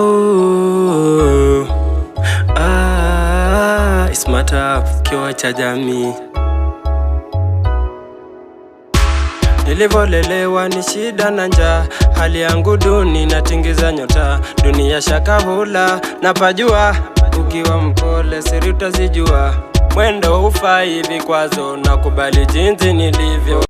uh, ah, ismata kiwa cha jamii. Nilivolelewa ni shida na njaa, hali yangu duni, natingiza nyota, dunia shaka hula na pajua, ukiwa mpole siri utazijua, mwendo ufai, vikwazo na kubali jinsi nilivyo.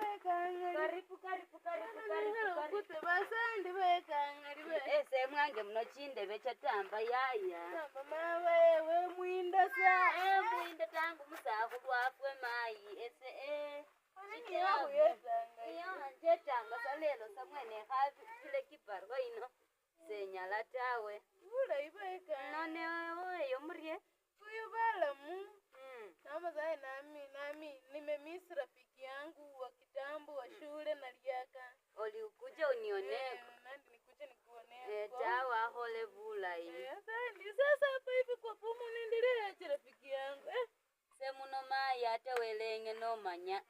nange muno vecha tamba yaya mama wewe mwinda sa e mwinda tangu musakhu bwafwe mayi ese eh. e chetanga salelo samwene khapile kibarua ino senyala tawe bulayi bweka none oyo murye uyu balamu hmm. namazaye nami nami nimemisi rafiki yangu wa kitambo wa hmm. shule na naliaka olikuja unioneko eh. manya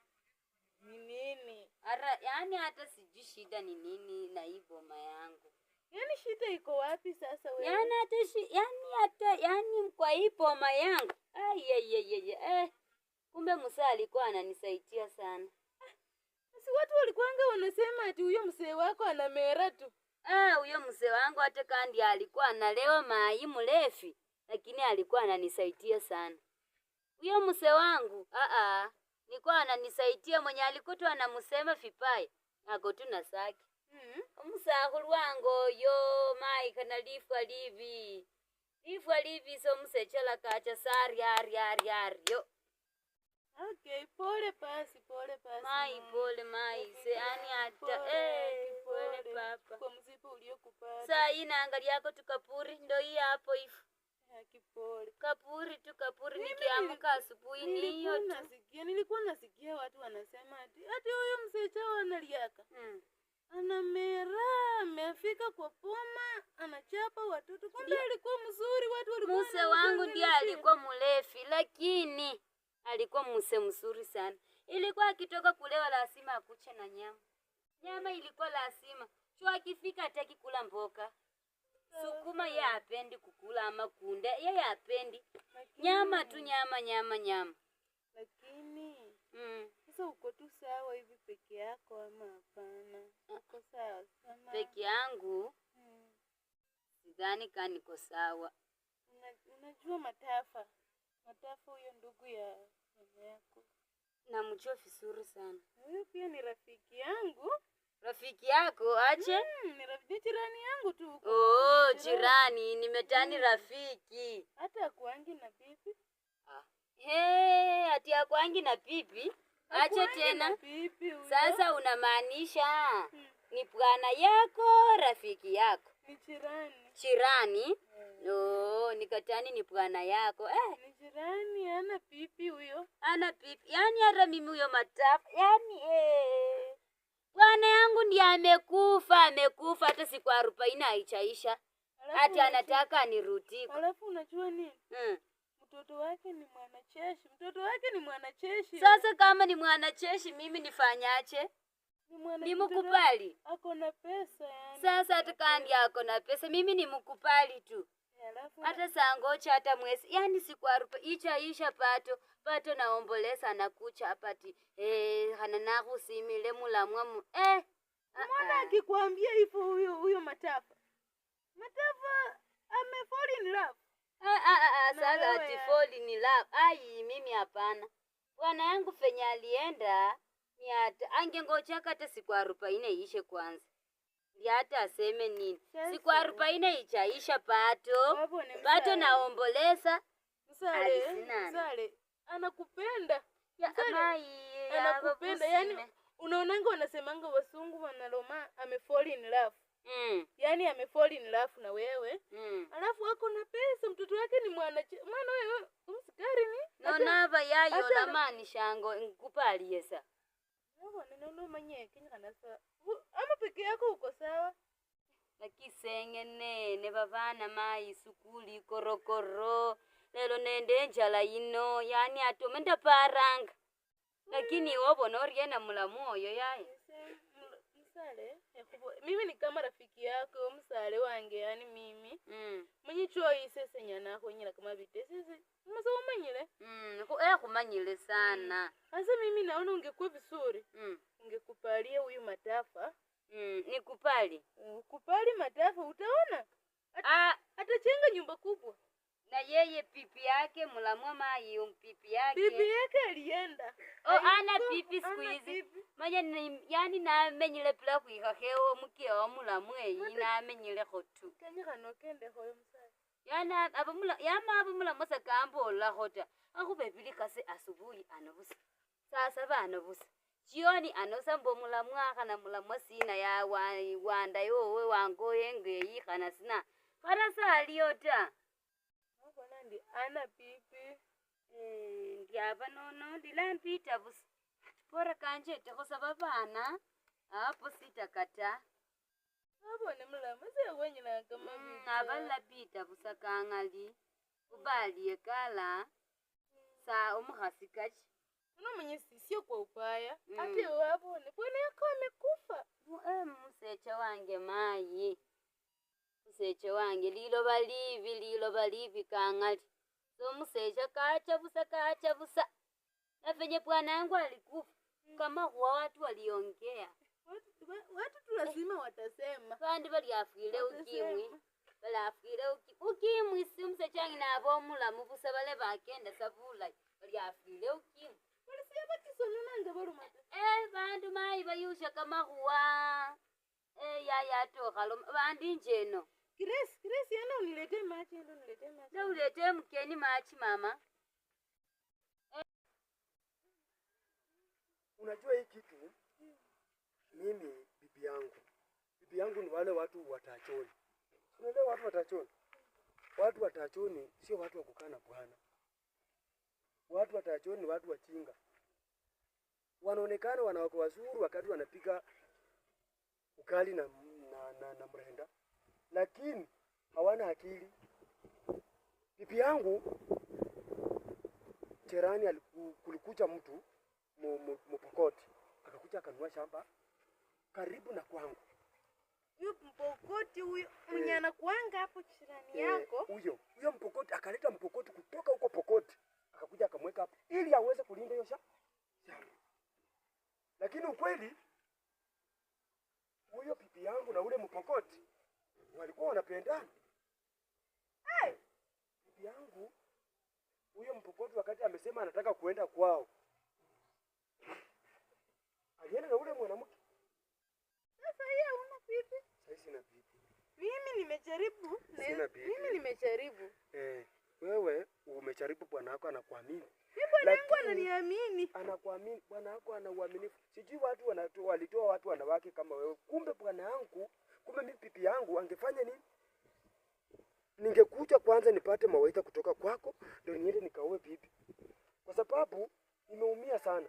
ni nini? Ara, yani hata sijui shida ni nini na hii boma yangu. Yani shida iko wapi sasa wewe? Yani hata yani hata yani kwa hii boma yangu. Ai Eh. Kumbe Musa alikuwa ananisaidia sana. Si watu walikuanga wanasema ati huyo mzee wako ana mera tu. Ah, huyo mzee wangu hata kandi alikuwa analewa mai mrefi, lakini alikuwa ananisaidia sana. Huyo mzee wangu, a ah, a ah nikuwa ananisaitia mwenye alikutu anamusema vipai ako tu na saki mm-hmm. wange oyo mai kana lifwa livi lifwa livi so musechela kacha saryaryaryaaryo Okay, pole pasi, pole pasi. Mai, pole mai, se ani ata eh, pole, papa. Kwa mzipo kupata. Sa, ina angali yako tukapuri Ndo hii hapo ifu. Kipori. Kapuri tu kapuri, nikiamka asubuhi ni hiyo tu. Nasikia nilikuwa nasikia watu wanasema ati ati huyo mzee chao analiaka. Mm. mera amefika kwa poma, anachapa watoto. Kumbe alikuwa mzuri, watu walikuwa Muse wangu ndiye alikuwa mrefu, lakini alikuwa muse mzuri sana. Ilikuwa akitoka kulewa lazima akuche na nyama. Nyama ilikuwa lazima. Chua akifika hataki kula mboka. Sukuma ye apendi kukula amakunda, yeye hapendi nyama tu, nyama nyama nyama. Lakini mm. Sasa uko tu sawa hivi peke yako ama hapana? Ah. Uko sawa sana peke yangu? Mm. Sidhani kaa niko sawa. Una, unajua Matafa, Matafa huyo ndugu ya mama yako namjua vizuri sana. Huyo pia ni rafiki yangu. Rafiki yako ache Mm, ni jirani yangu tu Oh, jirani, nimetani mm. rafiki. Hata akuangi na pipi. Ah. Hey, hati akuangi na pipi? ache tena. Pipi, Sasa unamaanisha hmm. ni bwana yako, rafiki yako. Ni jirani. Jirani? Mm. Oh, nikatani ni bwana yako. Eh. Ni jirani, ana pipi huyo. Ana pipi. Yaani hata mimi huyo matafu. Yaani eh. Bwana yangu ndiye amekufa, amekufa hata siku arobaini haichaisha. Ati anataka anirudiko. Alafu unajua nini? Mm. Mtoto wake ni mwanacheshi. Mtoto wake ni mwanacheshi. Sasa kama ni mwanacheshi mimi nifanyache? Nimkubali. Ako na pesa yani. Sasa hata kandi ako na pesa mimi nimkubali tu hata sangocha hata mwezi yani sikwarupa arupe icha isha pato pato naombolesa nakucha apati eh, hananakhusimile mulamwamu eh, ah, mwana ah. akikwambia hivyo huyo huyo matafa matafa fall in love ah, sasa ati fall in love ai mimi hapana bwana yangu fenye alienda ni ata angengochaka hata sikwarupa ine ishe kwanza yata aseme nini. Siku arobaini ichaisha pato pato, naomboleza Msale anakupenda ya, anakupenda yani, unaonanga wanasemanga wasungu wanaloma fall in love mm. Yani fall in love na wewe mm. Alafu wako na pesa, mtoto wake ni mwana mwana, wewe umsikari ni nonava yayo lamani shango nkupaliesa Sawa, ninaunaumanye kenye kana sawa. Ama peke yako uko sawa? Nakisenge nene bavana mai sukuli korokoro. Lelo nende njala ino, yani atume ndaparanga. Lakini wabona mm. oriena mulamu oyo yae. Yes. msale mimi ni kama rafiki yako msale wange yani mimi mm. kama khwenyela sisi masa umanyile mm. eh khumanyile sana hasa mm. mimi naona ungekuwa vizuri mm. ungekupalie huyu matafa mm. nikupali ukupali matafa utaona ah. atachenga nyumba kubwa na yeye pipi yake mlamwama iyo um pipi yake pipi yake alienda oh ana pipi siku hizi manya ni yani namenyile pula kwihoheo mukio mulamwe hotu khotu kenyikhana kende khoyo musai yana abamula yama abamula masa kambola kase asubuhi ano busa sasa bano jioni anosa mbo mulamwakhana mulamwa sina ya wandayowe wangoye kana sina khara saliyo ta ndi ana pipi eh, ndiava nono ndilampita vusi pora kanje etekhosa vavana apo sitakata avone mulamu sewonyelanga mavita mm, avalapita vusa kang'ali ubaliye kala sa omukhasi kachi nomunyisisye kwa upaya mm. ate wavone pwene yakome kufa musecha eh, wange mayi museche wange liloba livi liloba livi kang'ali so musecha kacha busa kacha busa nafenye bwana yangu alikufa kama huwa watu waliongea watu tu lazima watasema kandi baliafwile ukimwi baliafwile ukimwi si musecha nabo omulamu busa bale bakenda sabulayi baliafwile ukimwi balisiya bakisonananga balumata eh bandu mayi bayusha kamahuwa Eh, yaya tokhalo bandinje njeno. Grace, Grace yana uniletee machi ndo uniletee machi. Na ulete mkeni machi mama. Eh. Unajua hii kitu Mimi bibi yangu bibi yangu ni wale watu watachoni, unaelewa? Watu watachoni, watu watachoni sio watu wa kukana Bwana. Watu watachoni ni watu wachinga, wanaonekana wanawake wazuri wakati wanapiga ukali na, na, na, na mrenda, lakini hawana akili. Bibi yangu cherani kulikuja mtu Mpokoti akakuja akanua shamba karibu na kwangu. Huyo Mpokoti huyo eh. mwenye anakuanga hapo jirani eh, yako huyo huyo Mpokoti akaleta Mpokoti kutoka huko Pokoti akakuja akamweka hapo ili aweze kulinda hiyo shamba, lakini ukweli huyo bibi yangu na ule mpokoti walikuwa wanapendana. Hey! bibi yangu huyo mpokoti wakati amesema anataka kuenda kwao, alienda na ule mwanamke. Sasa yeye hauna bibi. Sasa sina bibi mimi, nimejaribu. Sina mimi, nimejaribu. Eh, wewe umejaribu, bwana wako anakuamini bwanangu ananiamini, anakuamini. Bwana wako ana uaminifu. Sijui watu wanatoa, walitoa watu wanawake kama wewe. Kumbe bwana wangu, kumbe mimi pipi yangu angefanya nini? Ningekuja kwanza nipate mawaidha kutoka kwako, ndio niende nikaoe bibi, kwa sababu nimeumia sana.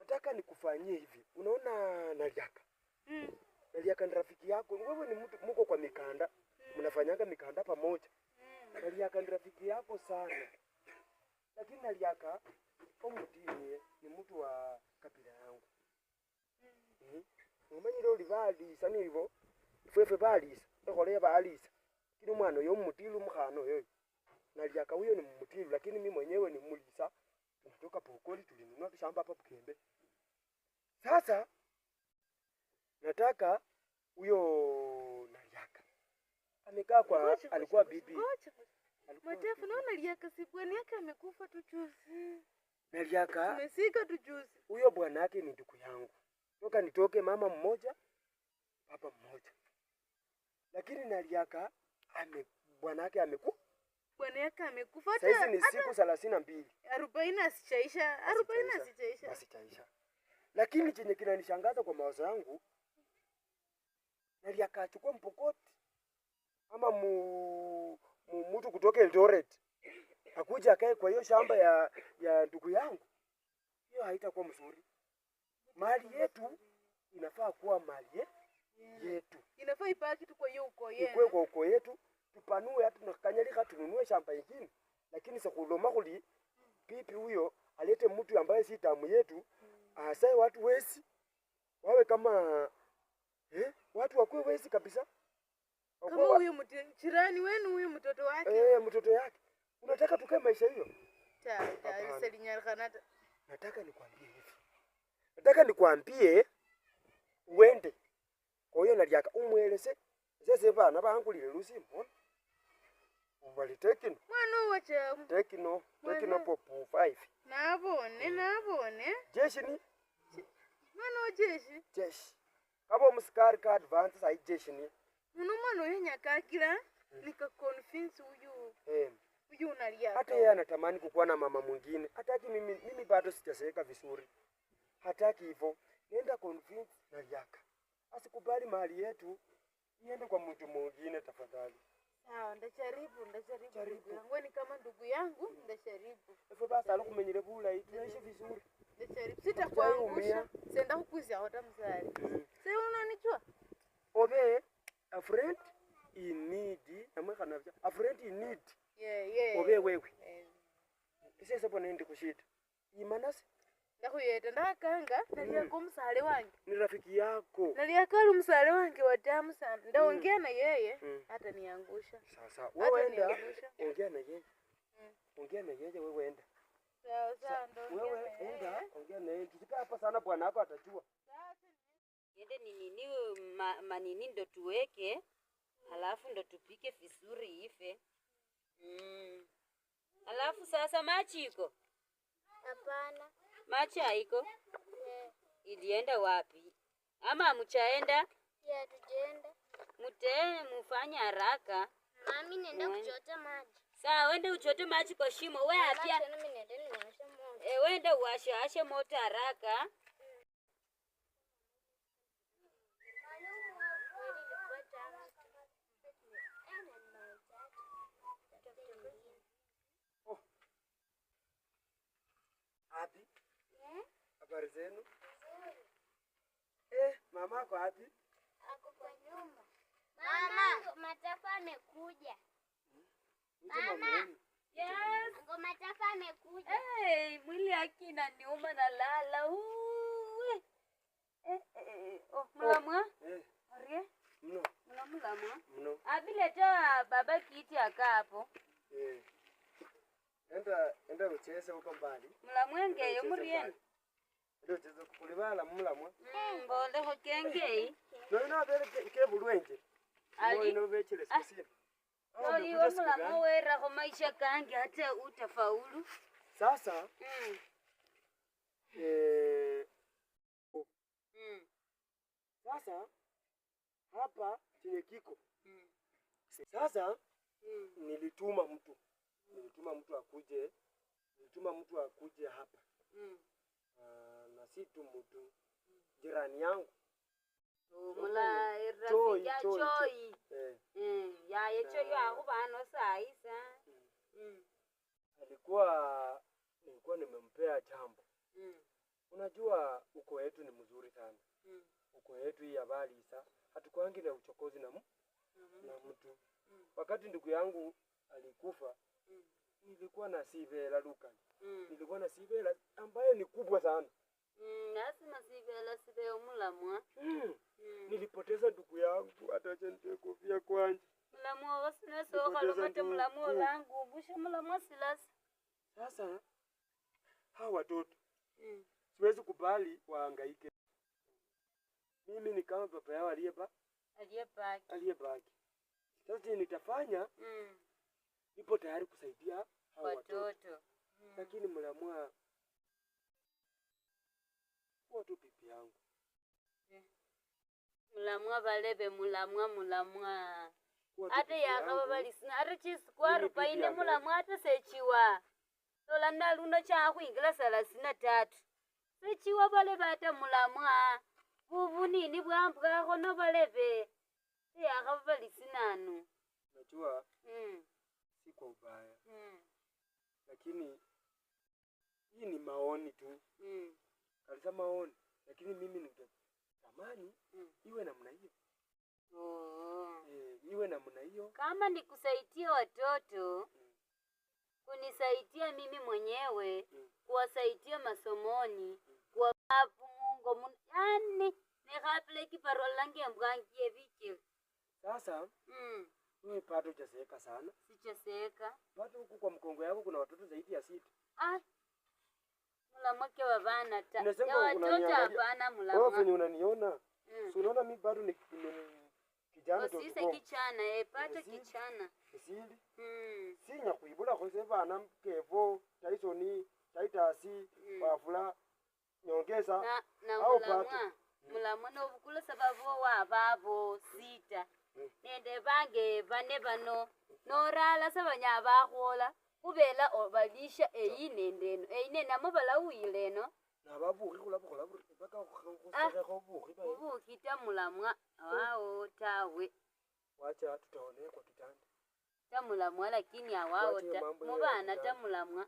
Nataka nikufanyie hivi, unaona Naliaka mm. Naliaka ni rafiki yako, wewe ni mtu mko kwa mikanda, mm. mnafanyaga mikanda pamoja. Mm. Naliaka ni rafiki yako sana lakini naliaka omutinie ni mtu wa kabila yangu mm. umanyire oli balisa nivo fwefwe balisa ekhole balisa lakini umwana oyo mumutilu umukhana oyoyo naliaka huyo ni mumutilu lakini mi mwenyewe ni mulisa tunatoka pokoli tulinunua kishamba hapa bukembe sasa nataka huyo naliaka amekaa kwa alikuwa bibi Matefu, naona Liaka si bwana yake amekufa tu juzi. Na Liaka tu juzi. Huyo bwana yake ni ndugu yangu, toka nitoke mama mmoja baba mmoja, lakini naliaka ame bwana yake ameku bwana yake amekufa. Sasa ni siku 32. 40 asichaisha, 40 asichaisha, Lakini chenye kinanishangaza kwa mawazo yangu, Naliaka achukua mpokoti ama mu mtu kutoka Eldoret akuja akae kwa hiyo shamba ya ya ndugu yangu, hiyo haitakuwa mzuri. Mali yetu inafaa kuwa mali yetu, inafaa ibaki tu kwa hiyo uko yetu, ikue kwa uko yetu, tupanue hata tunakanyalika, tununue shamba ingine, lakini sikuloma kuli pipi huyo alete mtu ambaye si damu yetu, asae watu wezi wawe kama eh, watu wakuwe wezi kabisa kama huyu jirani wenu huyu mtoto wake eh, eh, mtoto yake. Unataka tukae maisha hiyo? Nataka nikwambie hivi, nataka nikwambie uende. Kwa hiyo nalyaka umwelese sese bana bangulile lusimbo uvalitekino mwana uwacha tekino tekino popu 5 nabone mm. nabone jeshi ni mwana wa jeshi jeshi kabo musikari ka advance sai jeshi ni unomwana uyo nyakakila hmm. nikaconvince huyu hey. Eh. huyu unalia hata yeye anatamani kukuwa na mama mwingine hataki mimi mimi bado sijaseka vizuri hataki hivyo nenda convince na yaka asikubali mali yetu iende kwa mtu mwingine tafadhali sawa ndajaribu ndajaribu wewe ni kama ndugu yangu hmm. ndajaribu hivyo basi alikumenyere bulayi tunaishi vizuri ndajaribu sitakuangusha senda kukuzya hota mzari mm. sasa unanijua obe friend in need namwe kana afraid in need yeah, yeah, obe wewe yeah. isese pona ndi kushita ndakuyeta ndakanga msale mm. wange ni rafiki yako naliyakali msale wange sana ndaongea mm. na yeye mm. hata niangusha sasa wewe ongea na yeye mm. ongea na yeye wewe enda sawa sawa wewe enda ongea na yeye sana bwana wako Yende nini ma, manini ndo tuweke, alafu ndo tupike vizuri ife. Mm. Alafu sasa machi iko? Hapana. Machi haiko? Yeah. Ilienda wapi? Ama mchaenda? Yeah, tujaenda. Mute mufanye haraka. Mami nenda kuchota maji. Sawa, wende uchote maji kwa shimo. Wewe apia. Mami, nenda niwashe moto. Eh, wende uwashe ashe moto haraka. habari zenu? Eh, mama ako wapi? Ako kwa nyumba. Mama, Matafa amekuja. Mama. Yes. Ngoma Tafa amekuja. Hey, eh, mwili haki inaniuma na lala. Uwe. Eh, eh, eh oh, oh mlamwa. Eh. No. Mno. Mno mlamwa. Mno. Abileta baba kiti akaa hapo. Eh. Enda enda ucheze huko mbali. Mlamwenge yomurieni ndocheza kulibala mulamwa mboldeho kengei noinovele kevulwenje noinovechele sikusimu noliwe mulamu werakho maisha kange hata utafaulu sasa mm. eh, oh. mm. sasa hapa chenye kiko mm. sasa mm. nilituma mtu nilituma mtu akuje nilituma mtu akuje hapa mm. uh, msitu mtu jirani yangu mulairafiki yacoyi eh. eh, yaye coyi akubano saisa mm. mm. alikuwa nilikuwa nimempea jambo mm. Unajua uko wetu ni mzuri sana mm. Uko wetu hii habari sa hatukwangi na uchokozi na, mm -hmm. mtu mm. Wakati ndugu yangu alikufa mm. nilikuwa na sivela Luka mm. nilikuwa na sivela ambayo ni kubwa sana Mm, lazima zibe, la sibe hmm. hmm. nilipoteza ndugu yangu, atacha nitoe kofia kwanje mulamwa wasinesokalomate mulamwa hmm. langu ubushe mulamwa silasa sasa hawa watoto mm. siwezi kubali waangaike. Mimi ni kama baba yao aliyeba aliyebaki aliyebaki. Sasa nitafanya mm. nipo tayari kusaidia hawa watoto, watoto. Mm. lakini mulamwa Chifukwa tu bibi yangu. Eh. Mulamwa balebe mulamwa mulamwa. Ate yakava balisina ate chisikwaru paine mulamwa ate sechiwa. Tolanda luno chakwingila salasina tatu. Sechiwa balebe ate mulamwa. Bubunini bwambwakho no balebe. Teyakava balisina anu. Najua. Mm. Si kwa ubaya. Mm. Lakini hii ni maoni tu. Mm. alisema aone, lakini mimi ningetamani mm. iwe namna hiyo oh. Hmm. Eh, e, iwe namna hiyo. Kama ni kusaidia watoto mm. kunisaidia mimi mwenyewe mm. kuwasaidia masomoni mm. kwa babu Mungu mun, yani nikapile kiparo lange mbwangie viche sasa mm. Wewe bado hujazeeka sana. Sijazeeka. Bado huku kwa mkongo yako kuna watoto zaidi ya sita. Ah, mwanamke wa bana ta. Ya watoto hapana mlama. Wewe venye unaniona? Mm. Si unaona mimi bado ni kijana tu. Sisi kichana, eh, pato kichana. Sisi. Mm. Si nyakuibula kose bana mkevo, taizo ni taitasi, wafula mm. nyongeza na, na au pato. Mm. no bukula sababu wa babo sita. Mm. Nende bange bane bano. Norala sabanya bakhola kubela obalisha eyi eh, nende ine namo balawile eno ah, ubuhi tamulamwa awawo tawe wacha tutaonekwa kitanda tamulamwa lakini awawo ta tamulamwa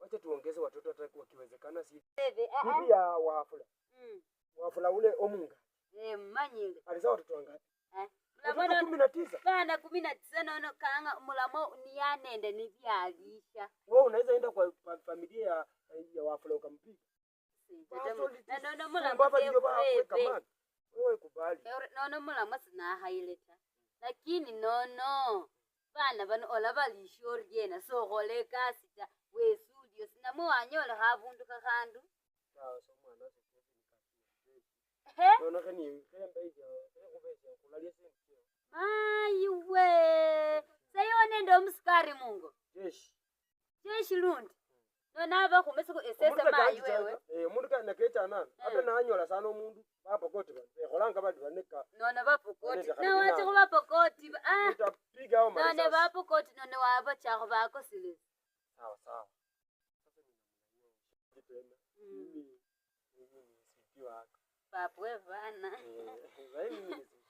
wacha tuongeze watoto hata wakiwezekana si ah, ah. bibi ya wafula mm. wafula ule omunga eh manyile alizao watoto eh kumi na bana kumi na tisa naona kaanga mulamo niyanende nivyalisha wewe unaweza enda kwa familia ya ya wafula ukampiga naona mulamo wewe kubali naona mulamo sina haileta lakini nono bana bano olavalisha so sokhole kasi ta wesudio sinamo wanyola khavundu kakhandu Nono kheni khembe ikhe khubeshe khulalia sente aiwe seione ndo msikari mungo jeshi jeshi lundi nonava khumeseko esese mayi wewe omundu kali nakechanana ate nanyola sana omundu vapokoti ekholanga vali vaneka nona vapokoti nawacha khuvapokoti none vapokoti none wavachakho vakosilile sawa sawa papwe vana